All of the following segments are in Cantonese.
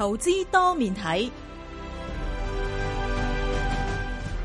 投資多面睇，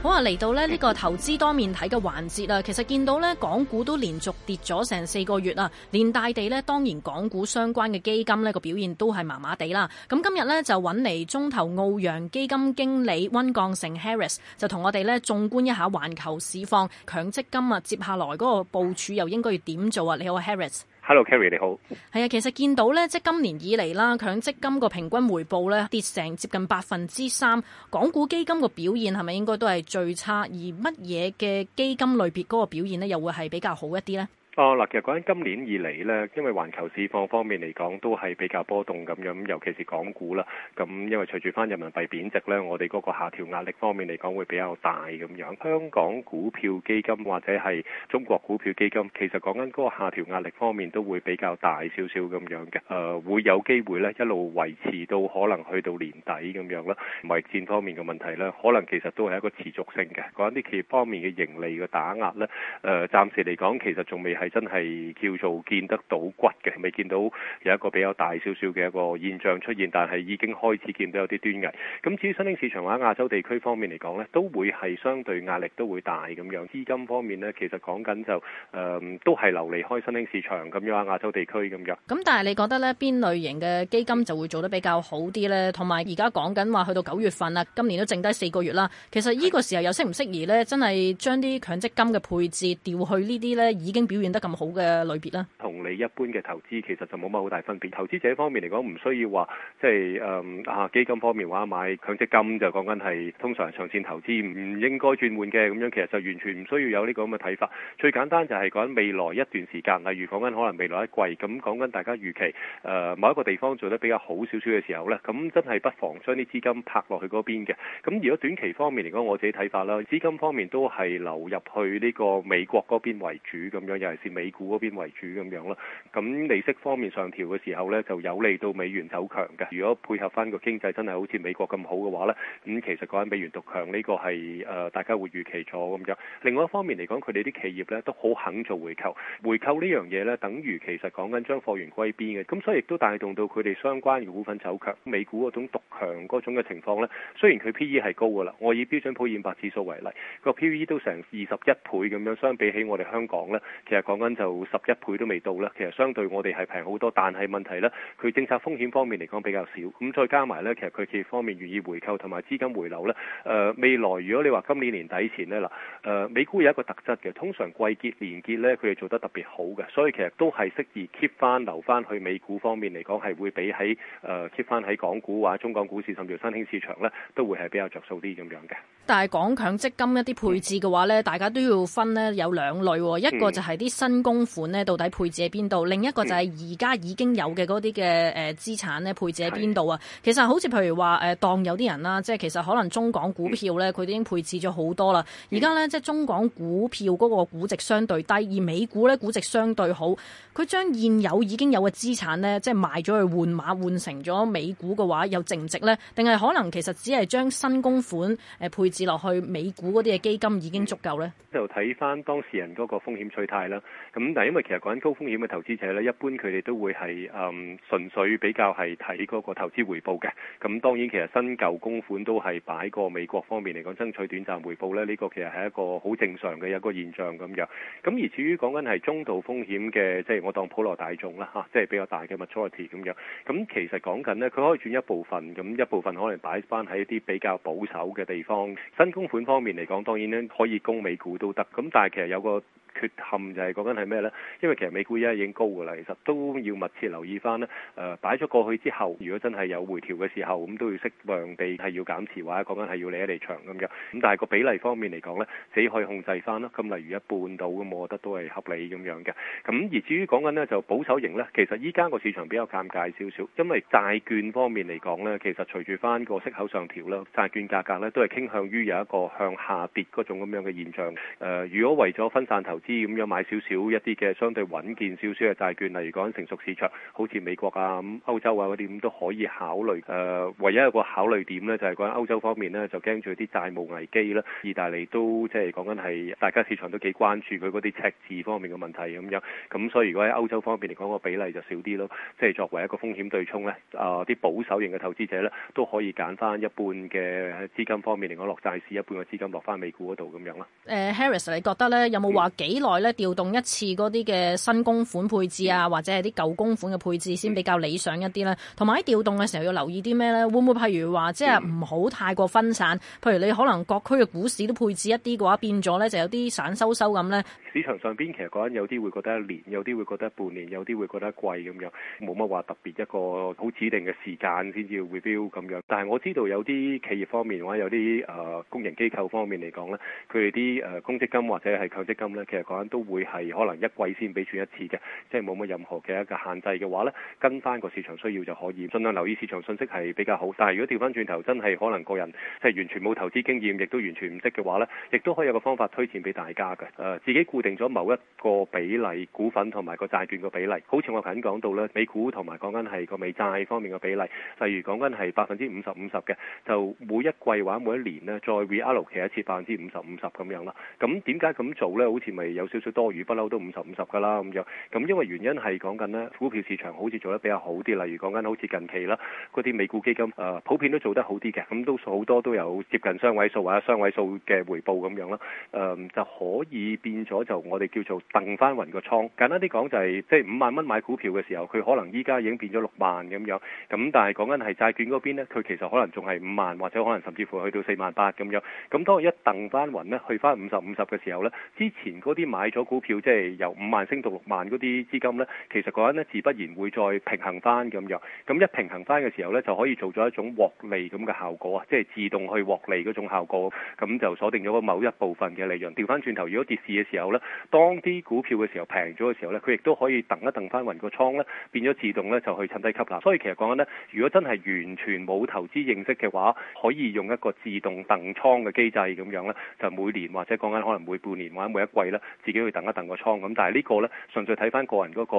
好啊！嚟到呢個投資多面睇嘅環節啦，其實見到呢，港股都連續跌咗成四個月啦，連帶地呢，當然港股相關嘅基金呢個表現都係麻麻地啦。咁今日呢，就揾嚟中投傲揚基金經理溫鋼城 Harris，就同我哋呢縱觀一下環球市況，強積金啊，接下來嗰個部署又應該要點做啊？你好，Harris。Hello，Kerry 你好。係啊，其實見到咧，即今年以嚟啦，強積金個平均回報咧跌成接近百分之三，港股基金個表現係咪應該都係最差？而乜嘢嘅基金類別嗰個表現咧，又會係比較好一啲咧？哦，嗱，其實講緊今年以嚟咧，因為環球市況方面嚟講都係比較波動咁樣，尤其是港股啦。咁因為隨住翻人民幣貶值咧，我哋嗰個下調壓力方面嚟講會比較大咁樣，香港股票基金或者係中國股票基金，其實講緊嗰個下調壓力方面都會比較大少少咁樣嘅。誒會有機會咧一路維持到可能去到年底咁樣啦。貿易戰方面嘅問題咧，可能其實都係一個持續性嘅。講緊啲企業方面嘅盈利嘅打壓咧，誒暫時嚟講其實仲未係係真係叫做見得到骨嘅，未見到有一個比較大少少嘅一個現象出現，但係已經開始見到有啲端倪。咁至於新興市場或者亞洲地區方面嚟講呢，都會係相對壓力都會大咁樣。資金方面呢，其實講緊就誒、係嗯、都係流離開新興市場咁樣，亞洲地區咁樣。咁但係你覺得呢邊類型嘅基金就會做得比較好啲呢？同埋而家講緊話去到九月份啦，今年都剩低四個月啦。其實呢個時候又適唔適宜呢？真係將啲強積金嘅配置調去呢啲呢啲呢已經表現得咁好嘅類別啦。 一般嘅投資其實就冇乜好大分別，投資者方面嚟講唔需要話即係誒啊基金方面話買強積金就講緊係通常長線投資唔應該轉換嘅咁樣，其實就完全唔需要有呢、這個咁嘅睇法。最簡單就係、是、講緊未來一段時間，例如講緊可能未來一季咁講緊大家預期誒、呃、某一個地方做得比較好少少嘅時候呢，咁真係不妨將啲資金拍落去嗰邊嘅。咁如果短期方面嚟講，我自己睇法啦，資金方面都係流入去呢個美國嗰邊為主咁樣，尤其是美股嗰邊為主咁樣啦。咁利息方面上調嘅時候呢，就有利到美元走強嘅。如果配合翻個經濟真係好似美國咁好嘅話呢，咁其實講緊美元獨強呢個係誒大家會預期咗咁樣。另外一方面嚟講，佢哋啲企業呢都好肯做回購，回購呢樣嘢呢，等於其實講緊將貨源歸邊嘅。咁所以亦都帶動到佢哋相關嘅股份走強，美股嗰種獨強嗰種嘅情況呢，雖然佢 P E 係高㗎啦，我以標準普爾五百指數為例，個 P E 都成二十一倍咁樣，相比起我哋香港呢，其實講緊就十一倍都未到。其實相對我哋係平好多，但係問題呢，佢政策風險方面嚟講比較少，咁再加埋呢，其實佢企業方面願意回購同埋資金回流呢。誒、呃、未來如果你話今年年底前呢，嗱、呃，誒美股有一個特質嘅，通常季結年結呢，佢哋做得特別好嘅，所以其實都係適宜 keep 翻留翻去美股方面嚟講係會比喺誒 keep 翻喺港股或中港股市甚至乎新興市場呢，都會係比較着數啲咁樣嘅。但係港強積金一啲配置嘅話呢，大家都要分呢，有兩類，一個就係啲新供款呢，到底配置喺邊度？另一個就係而家已經有嘅嗰啲嘅誒資產咧，配置喺邊度啊？其實好似譬如話誒，當有啲人啦，即係其實可能中港股票咧，佢、嗯、已經配置咗好多啦。而家咧即係中港股票嗰個估值相對低，而美股咧估值相對好。佢將現有已經有嘅資產咧，即係賣咗去換馬換成咗美股嘅話，又值唔值呢。定係可能其實只係將新供款誒配置落去美股嗰啲嘅基金已經足夠呢，就睇翻當事人嗰個風險取態啦。咁但係因為其實講緊高風險。咁嘅投資者咧，一般佢哋都會係誒、嗯、純粹比較係睇嗰個投資回報嘅。咁當然其實新舊供款都係擺過美國方面嚟講爭取短暫回報咧，呢、這個其實係一個好正常嘅一個現象咁樣。咁而至於講緊係中度風險嘅，即、就、係、是、我當普羅大眾啦嚇，即、啊、係、就是、比較大嘅 majority 咁樣。咁其實講緊呢，佢可以轉一部分，咁一部分可能擺翻喺一啲比較保守嘅地方。新供款方面嚟講，當然咧可以供美股都得。咁但係其實有個缺陷就係講緊係咩呢？因為其實美股依家已經高㗎啦，其實都要密切留意翻呢。誒擺咗過去之後，如果真係有回調嘅時候，咁都要適量地係要減持或者講緊係要離一離場咁樣嘅。咁但係個比例方面嚟講呢，自己可以控制翻啦。咁例如一半度咁，我覺得都係合理咁樣嘅。咁而至於講緊呢，就保守型呢，其實依家個市場比較尷尬少少，因為債券方面嚟講呢，其實隨住翻個息口上調啦，債券價格呢都係傾向於有一個向下跌嗰種咁樣嘅現象。誒、呃，如果為咗分散投資咁樣買少少一啲嘅相對穩健少少嘅債券，例如講緊成熟市場，好似美國啊、咁歐洲啊嗰啲，咁都可以考慮。誒、呃，唯一一個考慮點咧，就係講緊歐洲方面咧，就驚住啲債務危機啦。意大利都即係講緊係，大家市場都幾關注佢嗰啲赤字方面嘅問題咁樣。咁所以如果喺歐洲方面嚟講，個比例就少啲咯。即係作為一個風險對沖咧，啊、呃，啲保守型嘅投資者咧，都可以揀翻一半嘅資金方面嚟講，落債市，一半嘅資金落翻美股嗰度咁樣咯。誒、uh，Harris，你覺得咧，有冇話幾？幾耐咧？調動一次嗰啲嘅新供款配置啊，或者係啲舊供款嘅配置先比較理想一啲啦。同埋喺調動嘅時候要留意啲咩咧？會唔會譬如話，即係唔好太過分散？譬如你可能各區嘅股市都配置一啲嘅話，變咗咧就有啲散收收咁咧。市場上邊其實講緊有啲會覺得一年，有啲會覺得半年，有啲會覺得貴咁樣，冇乜話特別一個好指定嘅時間先至 review 咁樣。但係我知道有啲企業方面或者有啲誒公營機構方面嚟講咧，佢哋啲誒公積金或者係強積金咧，其實。講都會係可能一季先俾轉一次嘅。即係冇乜任何嘅一個限制嘅話呢，跟翻個市場需要就可以盡量留意市場信息係比較好。但係如果調翻轉頭真係可能個人即係完全冇投資經驗，亦都完全唔識嘅話呢，亦都可以有個方法推薦俾大家嘅。誒、呃，自己固定咗某一個比例股份同埋個債券個比例，好似我頭先講到呢，美股同埋講緊係個美債方面嘅比例，例如講緊係百分之五十五十嘅，就每一季或者每一年呢，再 reallocate 一次百分之五十五十咁樣啦。咁點解咁做呢？好似咪？有少少多餘，不嬲都五十五十㗎啦咁樣。咁因為原因係講緊呢股票市場好似做得比較好啲。例如講緊好似近期啦，嗰啲美股基金、呃、普遍都做得好啲嘅。咁都好多都有接近雙位數或者雙位數嘅回報咁樣啦、呃，就可以變咗就我哋叫做掟翻雲個倉。簡單啲講就係即係五萬蚊買股票嘅時候，佢可能依家已經變咗六萬咁樣。咁但係講緊係債券嗰邊呢，佢其實可能仲係五萬或者可能甚至乎去到四萬八咁樣。咁當我一掟翻雲呢，去翻五十五十嘅時候呢，之前嗰啲，買咗股票，即係由五萬升到六萬嗰啲資金呢，其實講緊呢自不然會再平衡翻咁樣。咁一平衡翻嘅時候呢，就可以做咗一種獲利咁嘅效果啊，即係自動去獲利嗰種效果。咁就鎖定咗個某一部分嘅利潤。調翻轉頭，如果跌市嘅時候呢，當啲股票嘅時候平咗嘅時候呢，佢亦都可以蹬一蹬翻勻個倉呢，變咗自動呢就去趁低吸納。所以其實講緊呢，如果真係完全冇投資認識嘅話，可以用一個自動蹬倉嘅機制咁樣呢，就每年或者講緊可能每半年或者每一季咧。自己去等一等個倉咁，但係呢個咧純粹睇翻個人嗰、那個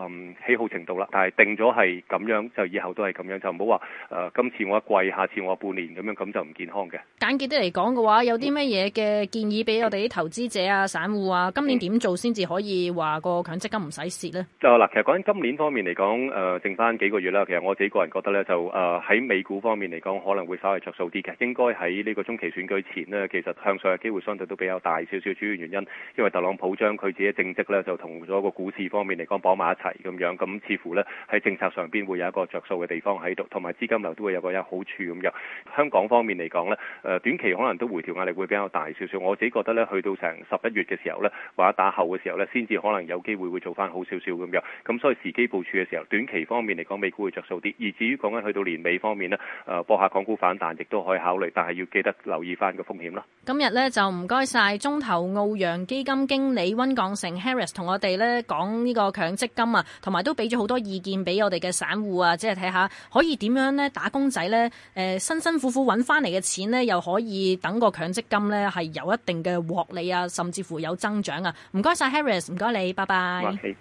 嗯喜好程度啦。但係定咗係咁樣，就以後都係咁樣，就唔好話誒今次我一季，下次我半年咁樣，咁就唔健康嘅。簡潔啲嚟講嘅話，有啲咩嘢嘅建議俾我哋啲投資者啊、散戶啊，今年點做先至可以話個強積金唔使蝕咧？就嗱，其實講緊今年方面嚟講、呃，剩翻幾個月啦。其實我自己個人覺得咧，就誒、喺、呃、美股方面嚟講，可能會稍為着數啲嘅。應該喺呢個中期選舉前呢，其實向上嘅機會相對都比較大少少。主要原因因為特朗普將佢自己嘅政績咧，就同咗個股市方面嚟講綁埋一齊咁樣，咁似乎咧喺政策上邊會有一個着數嘅地方喺度，同埋資金流都會有個有好處咁樣。香港方面嚟講咧，誒短期可能都回調壓力會比較大少少。我自己覺得咧，去到成十一月嘅時候咧，或者打後嘅時候咧，先至可能有機會會做翻好少少咁樣。咁所以時機部署嘅時候，短期方面嚟講，美股會着數啲。而至於講緊去到年尾方面呢，誒博下港股反彈，亦都可以考慮，但係要記得留意翻個風險咯。今日咧就唔該晒中投傲揚基金經理溫鋼城 Harris 同我哋咧講呢個強積金啊，同埋都俾咗好多意見俾我哋嘅散戶啊，即係睇下可以點樣咧打工仔，咧，誒、呃、辛辛苦苦揾翻嚟嘅錢咧，又可以等個強積金咧係有一定嘅獲利啊，甚至乎有增長啊！唔該晒 Harris，唔該你，拜拜。Okay.